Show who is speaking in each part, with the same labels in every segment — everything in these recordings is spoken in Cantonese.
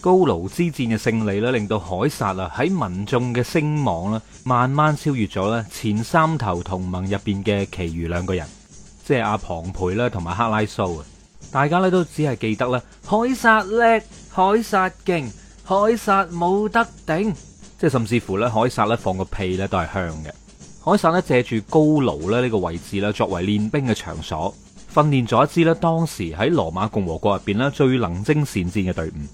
Speaker 1: 高盧之戰嘅勝利咧，令到凱撒啊喺民眾嘅聲望咧，慢慢超越咗咧前三頭同盟入邊嘅其餘兩個人，即係阿龐培啦，同埋克拉蘇啊。大家咧都只係記得咧，凱撒叻，凱撒勁，凱撒冇得頂，即係甚至乎咧，凱撒咧放個屁咧都係香嘅。凱撒咧借住高盧咧呢個位置咧，作為練兵嘅場所，訓練咗一支咧當時喺羅馬共和國入邊咧最能征善戰嘅隊伍。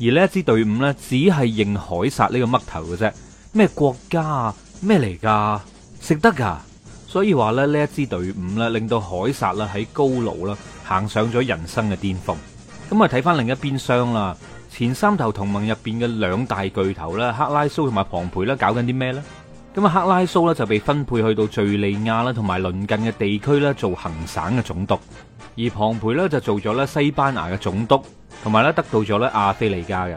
Speaker 1: 而呢一支隊伍呢，只係認凱撒呢個嘜頭嘅啫。咩國家啊？咩嚟噶？食得噶？所以話咧，呢一支隊伍呢，令到凱撒啦喺高盧啦行上咗人生嘅巔峰。咁啊，睇翻另一邊廂啦，前三頭同盟入邊嘅兩大巨頭啦，克拉蘇同埋龐培啦，搞緊啲咩呢？咁啊，克拉蘇咧就被分配去到敘利亞啦，同埋鄰近嘅地區啦，做行省嘅總督；而龐培咧就做咗咧西班牙嘅總督。同埋咧，得到咗咧亞非利加嘅，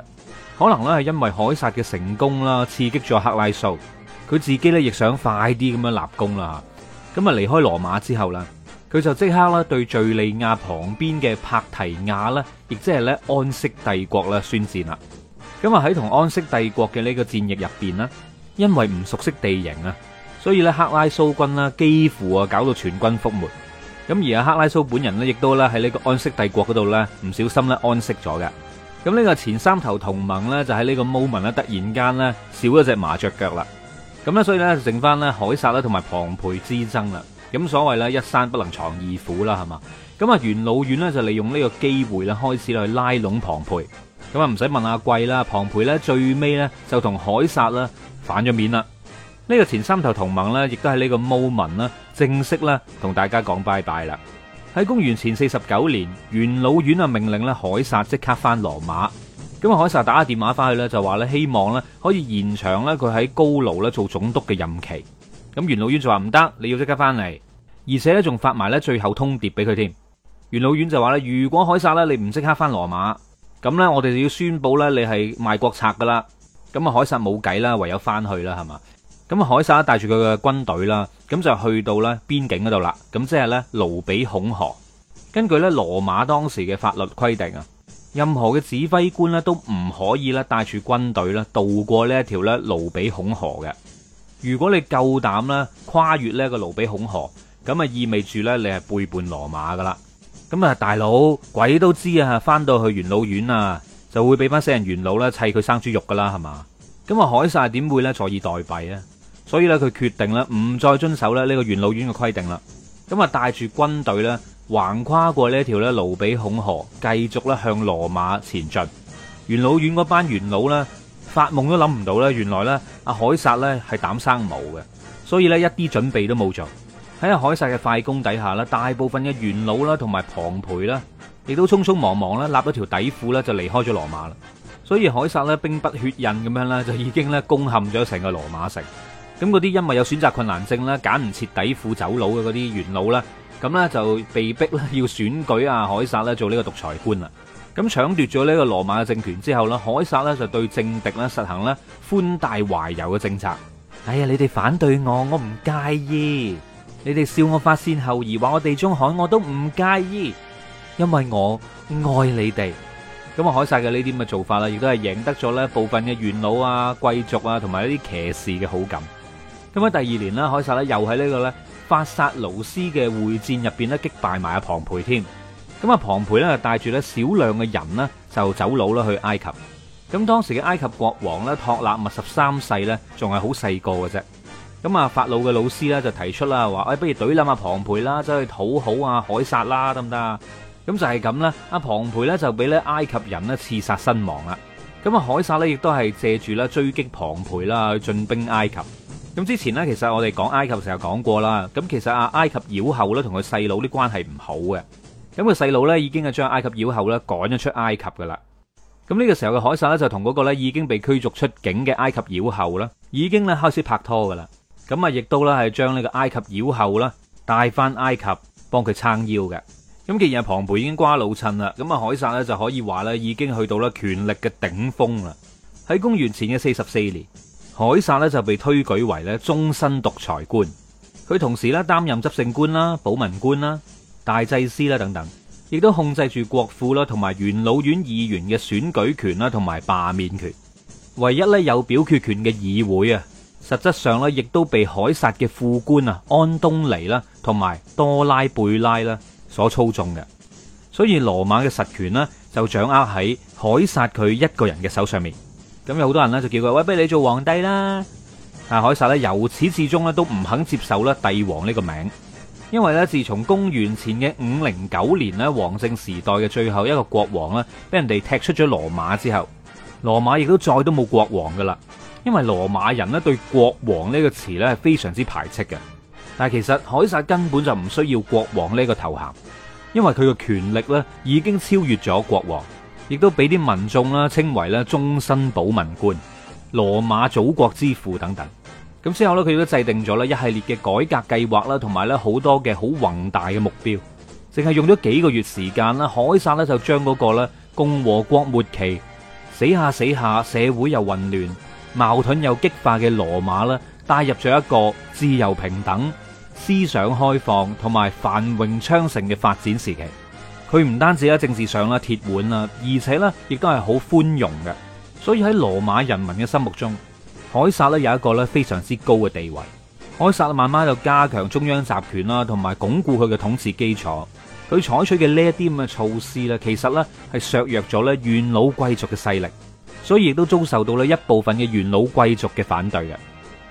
Speaker 1: 可能咧係因為凱撒嘅成功啦，刺激咗克拉蘇，佢自己咧亦想快啲咁樣立功啦。咁啊離開羅馬之後啦，佢就即刻啦對敘利亞旁邊嘅帕提亞咧，亦即係咧安息帝國啦宣戰啦。咁啊喺同安息帝國嘅呢個戰役入邊啦，因為唔熟悉地形啊，所以咧克拉蘇軍啦幾乎啊搞到全軍覆沒。咁而阿克拉蘇本人咧，亦都咧喺呢個安息帝國嗰度咧，唔小心咧安息咗嘅。咁呢個前三頭同盟咧，就喺呢個 moment 咧，突然間咧少咗隻麻雀腳啦。咁咧，所以咧，剩翻咧凱撒啦，同埋龐培之爭啦。咁所謂咧，一山不能藏二虎啦，係嘛。咁啊，元老院呢，就利用呢個機會咧，開始去拉攏龐培問問。咁啊，唔使問阿貴啦，龐培咧最尾咧就同凱撒啦反咗面啦。呢個前三頭同盟呢，亦都喺呢個 moment 啦，正式啦，同大家講拜拜啦。喺公元前四十九年，元老院啊命令咧凱撒即刻翻羅馬。咁啊，凱撒打個電話翻去呢，就話咧希望咧可以延長咧佢喺高盧咧做總督嘅任期。咁元老院就話唔得，你要即刻翻嚟，而且咧仲發埋咧最後通牒俾佢添。元老院就話咧，如果凱撒咧你唔即刻翻羅馬，咁呢，我哋就要宣布咧你係賣國賊噶啦。咁啊，凱撒冇計啦，唯有翻去啦，係嘛？咁，凱撒帶住佢嘅軍隊啦，咁就去到咧邊境嗰度啦。咁即係咧盧比孔河。根據咧羅馬當時嘅法律規定啊，任何嘅指揮官咧都唔可以咧帶住軍隊咧渡過呢一條咧盧比孔河嘅。如果你夠膽咧跨越呢個盧比孔河，咁啊意味住咧你係背叛羅馬噶啦。咁啊，大佬鬼都知啊，翻到去元老院啊，就會俾翻死人元老咧砌佢生豬肉噶啦，係嘛？咁啊，凱撒點會咧坐以待斃啊？所以咧，佢決定咧唔再遵守咧呢個元老院嘅規定啦。咁啊，帶住軍隊咧，橫跨過呢一條咧盧比孔河，繼續咧向羅馬前進。元老院嗰班元老咧，發夢都諗唔到咧，原來咧阿凱撒咧係膽生毛嘅。所以咧一啲準備都冇做，喺阿凱撒嘅快攻底下咧，大部分嘅元老啦同埋龐培啦，亦都匆匆忙忙啦擸咗條底褲啦就離開咗羅馬啦。所以凱撒咧兵不血刃咁樣咧就已經咧攻陷咗成個羅馬城。咁嗰啲因為有選擇困難症啦，揀唔徹底富走佬嘅嗰啲元老啦，咁呢就被逼咧要選舉啊，凱撒咧做呢個獨裁官啦。咁搶奪咗呢個羅馬嘅政權之後呢，凱撒呢就對政敵呢實行呢寬大懷柔嘅政策。哎呀，你哋反對我，我唔介意；你哋笑我發線後移話我地中海，我都唔介意，因為我愛你哋。咁啊，凱撒嘅呢啲咁嘅做法啦，亦都係贏得咗呢部分嘅元老啊、貴族啊同埋一啲騎士嘅好感。咁喺第二年啦，凱撒咧又喺呢個咧法薩盧斯嘅會戰入邊咧擊敗埋阿龐培添。咁阿龐培咧帶住咧少量嘅人咧就走佬啦去埃及。咁當時嘅埃及國王咧托納密十三世咧仲係好細個嘅啫。咁啊法老嘅老師咧就提出啦話，哎，不如懟冧阿龐培啦，走去討好啊凱撒啦，得唔得啊？咁就係咁啦。阿龐培咧就俾咧埃及人咧刺殺身亡啦。咁啊凱撒咧亦都係借住咧追擊龐培啦進兵埃及。咁之前呢，其實我哋講埃及時候，講過啦。咁其實阿埃及妖后呢，同佢細佬啲關係唔好嘅。咁佢細佬呢，已經係將埃及妖后呢趕咗出埃及噶啦。咁呢個時候嘅凱撒呢，就同嗰個呢已經被驅逐出境嘅埃及妖后呢，已經呢開始拍拖噶啦。咁啊，亦都呢係將呢個埃及妖后呢帶翻埃及幫佢撐腰嘅。咁既然阿龐貝已經瓜老襯啦，咁啊凱撒呢就可以話呢已經去到呢權力嘅頂峰啦。喺公元前嘅四十四年。凱撒咧就被推舉為咧終身獨裁官，佢同時咧擔任執政官啦、保民官啦、大祭司啦等等，亦都控制住國庫啦，同埋元老院議員嘅選舉權啦，同埋罷免權。唯一咧有表決權嘅議會啊，實質上咧亦都被凱撒嘅副官啊安東尼啦，同埋多拉貝拉啦所操縱嘅。所以羅馬嘅實權咧就掌握喺凱撒佢一個人嘅手上面。咁有好多人咧就叫佢，喂，不如你做皇帝啦！但係凱撒咧由始至終咧都唔肯接受咧帝王呢個名，因為咧自從公元前嘅五零九年咧王政時代嘅最後一個國王咧，俾人哋踢出咗羅馬之後，羅馬亦都再都冇國王噶啦，因為羅馬人呢對國王呢個詞呢，係非常之排斥嘅。但係其實凱撒根本就唔需要國王呢個頭銜，因為佢嘅權力呢，已經超越咗國王。亦都俾啲民眾啦，稱為咧終身保民官、羅馬祖國之父等等。咁之後咧，佢亦都制定咗咧一系列嘅改革計劃啦，同埋咧好多嘅好宏大嘅目標。淨係用咗幾個月時間啦，凱撒咧就將嗰個咧共和國末期死下死下社會又混亂、矛盾又激化嘅羅馬咧，帶入咗一個自由平等、思想開放同埋繁榮昌盛嘅發展時期。佢唔單止喺政治上啦鐵腕啦，而且咧亦都係好寬容嘅，所以喺羅馬人民嘅心目中，凱撒咧有一個咧非常之高嘅地位。凱撒慢慢就加強中央集權啦，同埋鞏固佢嘅統治基礎。佢採取嘅呢一啲咁嘅措施咧，其實咧係削弱咗咧元老貴族嘅勢力，所以亦都遭受到咧一部分嘅元老貴族嘅反對嘅。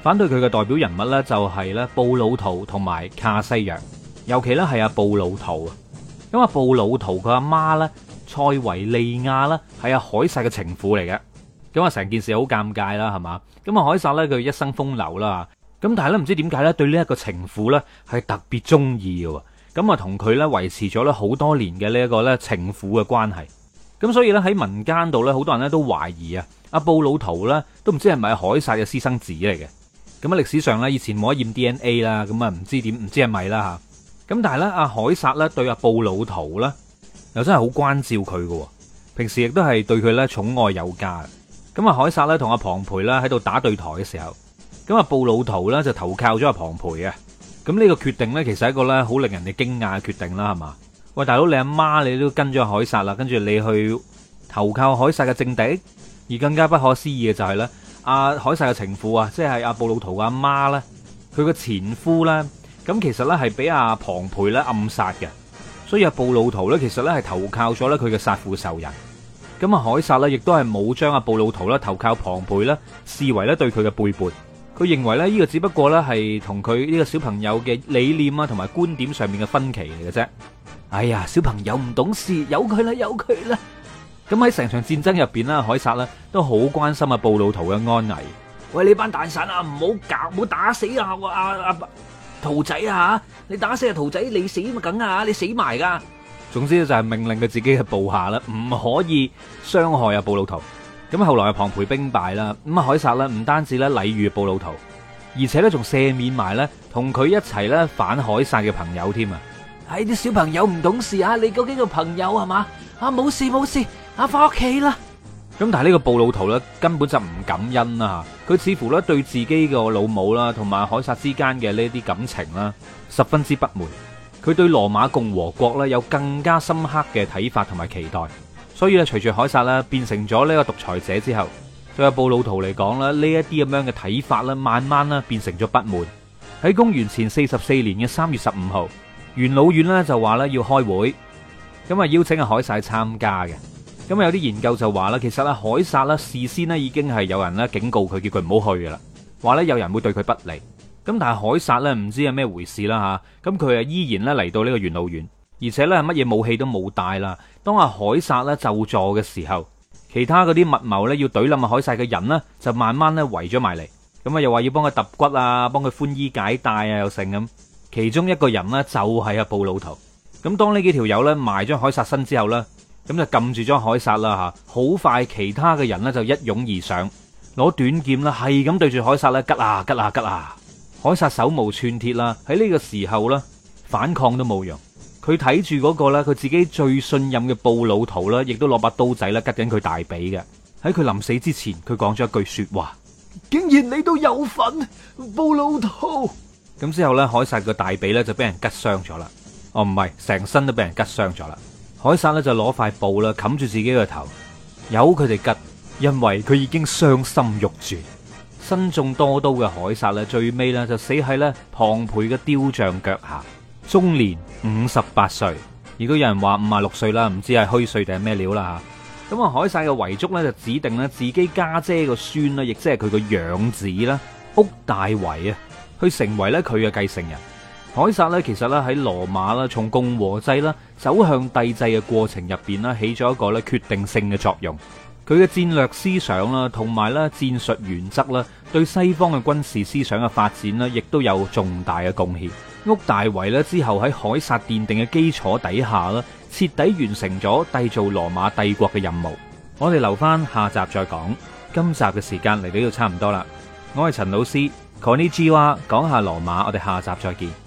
Speaker 1: 反對佢嘅代表人物咧就係咧布魯圖同埋卡西洋，尤其咧係阿布魯圖啊。咁啊，布魯圖佢阿媽咧，塞維利亞咧係阿凱撒嘅情婦嚟嘅，咁啊成件事好尷尬啦，係嘛？咁啊，凱撒咧佢一生風流啦，咁但係咧唔知點解咧對呢一個情婦咧係特別中意嘅，咁啊同佢咧維持咗咧好多年嘅呢一個咧情婦嘅關係，咁所以咧喺民間度咧好多人咧都懷疑啊，阿布魯圖咧都唔知係咪凱撒嘅私生子嚟嘅，咁啊，歷史上咧以前冇得驗 D N A 啦，咁啊唔知點，唔知係咪啦吓。咁但係咧，阿凱撒咧對阿布魯圖咧又真係好關照佢嘅，平時亦都係對佢咧寵愛有加。咁阿凱撒咧同阿龐培咧喺度打對台嘅時候，咁阿布魯圖咧就投靠咗阿龐培啊。咁呢個決定咧其實係一個咧好令人哋驚訝嘅決定啦，係嘛？喂，大佬，你阿媽你都跟咗阿凱撒啦，跟住你去投靠凱撒嘅政敵，而更加不可思議嘅就係咧，阿凱撒嘅情婦啊，即係阿布魯圖阿媽咧，佢個前夫咧。咁其實咧係俾阿龐培咧暗殺嘅，所以阿布魯圖咧其實咧係投靠咗咧佢嘅殺父仇人。咁啊，凱撒咧亦都係冇將阿布魯圖咧投靠龐培咧視為咧對佢嘅背叛。佢認為咧呢個只不過咧係同佢呢個小朋友嘅理念啊同埋觀點上面嘅分歧嚟嘅啫。哎呀，小朋友唔懂事，由佢啦，由佢啦。咁喺成場戰爭入邊啦，凱撒咧都好關心阿布魯圖嘅安危。喂，呢班蛋散啊，唔好夾，唔好打死啊！我阿阿。兔仔啊，你打死阿兔仔，你死梗啊，你死埋噶、啊。總之就係命令佢自己嘅部下啦，唔可以傷害阿、啊、布魯圖。咁後來阿龐培兵敗啦，咁啊凱撒咧唔單止咧禮遇布魯圖，而且咧仲赦免埋咧同佢一齊咧反凱撒嘅朋友添啊。係啲、哎、小朋友唔懂事啊，你究竟做朋友係嘛？啊冇事冇事，啊翻屋企啦。咁但係呢個布魯圖咧根本就唔感恩啊。佢似乎咧對自己個老母啦同埋凱撒之間嘅呢啲感情啦，十分之不滿。佢對羅馬共和國呢，有更加深刻嘅睇法同埋期待。所以咧，隨住凱撒啦變成咗呢個獨裁者之後，對阿布魯圖嚟講咧呢一啲咁樣嘅睇法咧，慢慢咧變成咗不滿。喺公元前四十四年嘅三月十五號，元老院呢就話咧要開會，咁啊邀請阿凱撒參加嘅。咁有啲研究就話啦，其實咧凱撒咧事先咧已經係有人咧警告佢，叫佢唔好去噶啦，話咧有人會對佢不利。咁但係凱撒咧唔知係咩回事啦吓，咁佢啊依然咧嚟到呢個元老院，而且咧乜嘢武器都冇帶啦。當阿凱撒咧就坐嘅時候，其他嗰啲密謀咧要懟冧阿凱撒嘅人呢，就慢慢咧圍咗埋嚟。咁啊又話要幫佢揼骨啊，幫佢寬衣解帶啊，又剩咁。其中一個人呢，就係阿布魯圖。咁當呢幾條友咧埋咗凱撒身之後咧。咁就撳住張凱撒啦吓，好快其他嘅人呢就一擁而上，攞短劍啦，係咁對住凱撒咧，吉啊吉啊吉啊！凱撒手無寸鐵啦，喺呢個時候呢，反抗都冇用。佢睇住嗰個呢，佢自己最信任嘅布魯圖啦，亦都攞把刀仔啦，吉緊佢大髀嘅。喺佢臨死之前，佢講咗一句說話：竟然你都有份，布魯圖！咁之後呢，凱撒個大髀呢，就俾人吉傷咗啦。哦，唔係，成身都俾人吉傷咗啦。凱撒咧就攞塊布啦，冚住自己個頭，由佢哋吉，因為佢已經傷心欲絕，身中多刀嘅凱撒啦，最尾呢，就死喺咧龐培嘅雕像腳下，終年五十八歲，亦都有人話五十六歲啦，唔知係虛歲定係咩料啦吓。咁啊，嗯，凱撒嘅遺囑呢，就指定呢自己家姐個孫啦，亦即係佢個養子啦，屋大維啊，去成為咧佢嘅繼承人。凱撒咧，其實咧喺羅馬咧，從共和制啦走向帝制嘅過程入邊咧，起咗一個咧決定性嘅作用。佢嘅戰略思想啦，同埋咧戰術原則啦，對西方嘅軍事思想嘅發展啦，亦都有重大嘅貢獻。屋大維咧之後喺凱撒奠定嘅基礎底下咧，徹底完成咗締造羅馬帝國嘅任務。我哋留翻下集再講。今集嘅時間嚟到呢度差唔多啦。我係陳老師，Kony G 哇，wa, 講下羅馬，我哋下集再見。